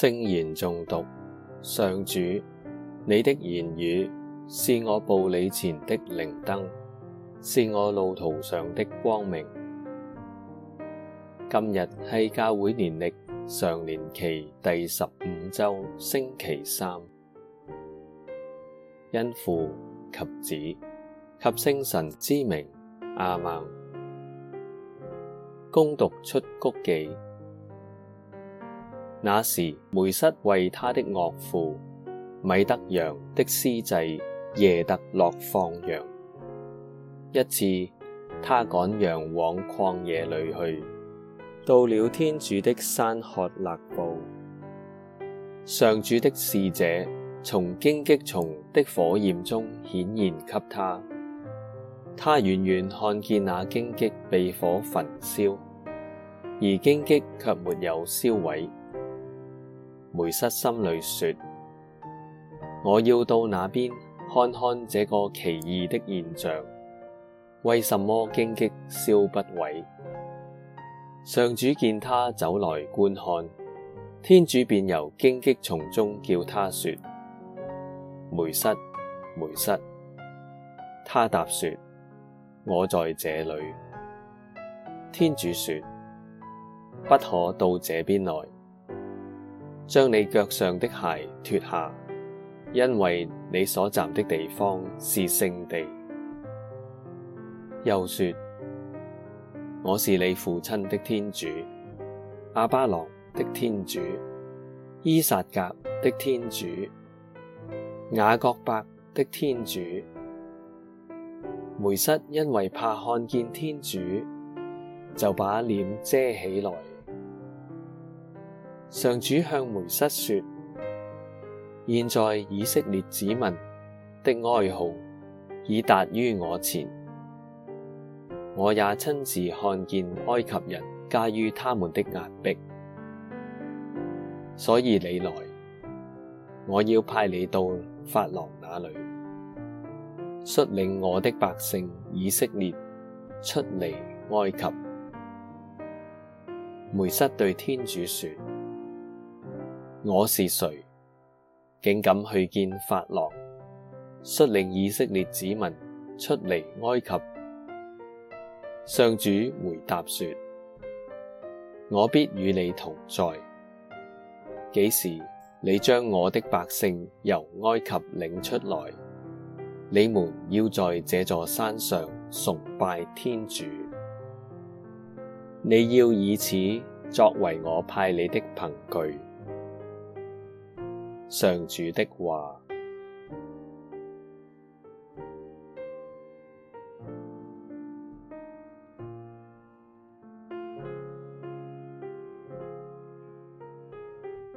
聖言誦讀。上主，你的言語是我步履前的靈燈，是我路途上的光明。今日係教會年曆常年期第十五周星期三，因父及子及聖神之名阿孟，恭讀出谷紀。那時梅瑟為他的岳父，米德揚的司祭耶特洛放羊。一次，他趕羊往曠野裏去，到了天主的山曷勒布，上主的使者從荊棘叢的火焰中顯現給他，他遠遠看見那荊棘被火焚燒，而荊棘却沒有燒毀。梅瑟心裏說：我要到那邊看看這個奇異的現象，為什麼荊棘燒不毀？上主見他走來觀看，天主便由荊棘叢中叫他說：梅瑟，梅瑟！」他答說：我在這裏。天主說：不可到這邊來。將你腳上的鞋脱下，因為你所站的地方是聖地。又說：我是你父親的天主，亞巴郎的天主，依撒格的天主，雅各伯的天主。梅瑟因為怕看見天主，就把臉遮起來。上主向梅瑟說：現在以色列子民的哀號已達於我前，我也親自看見埃及人加於他們的壓迫，所以你來，我要派你到法郎那裏，率領我的百姓以色列出離埃及。梅瑟對天主說。我是誰，竟敢去見法郎，率領以色列子民出離埃及？上主回答說：我必與你同在。幾時你將我的百姓由埃及領出來，你們要在這座山上崇拜天主，你要以此作為我派你的憑據。上主的話，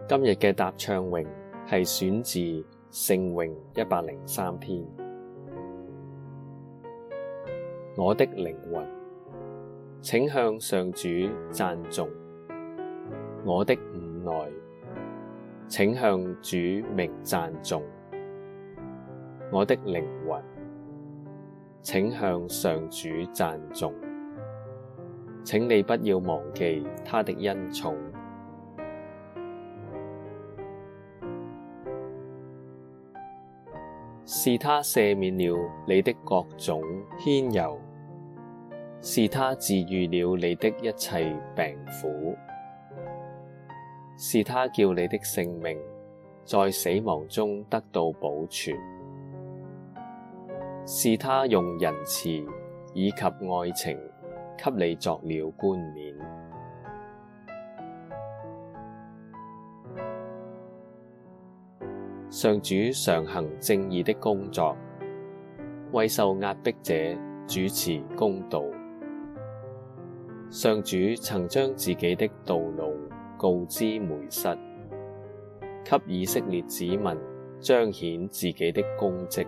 今日嘅答唱詠係選自《聖詠》一百零三篇。我的靈魂，請向上主讚頌，我的五內，請向主名讚頌，我的靈魂，請向上主讚頌，請你不要忘記他的恩寵， 是他赦免了你的各種愆尤，是他治愈了你的一切病苦。是他叫你的性命在死亡中得到保存，是他用仁慈以及愛情給你作了冠冕。上主常行正義的工作，為受壓迫者主持公道。上主曾將自己的道路。告知梅瑟，給以色列子民彰顯自己的功績。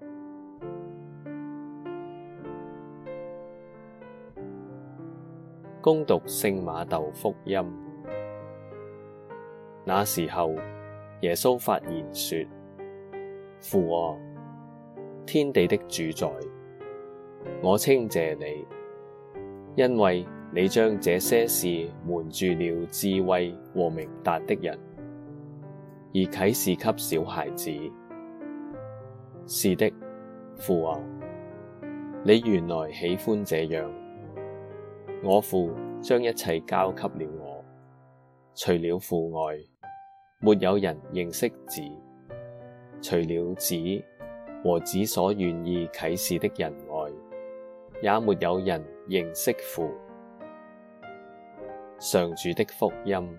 恭讀聖瑪竇福音，那時候耶穌發言說：父啊，天地的主宰。我稱謝你，因為你將這些事瞞住了智慧和明達的人，而啟示給小孩子。是的，父啊，你原來喜歡這樣。我父將一切交給了我，除了父外，沒有人認識子，除了子和子所願意啟示的人。也沒有人認識父。上主的福音。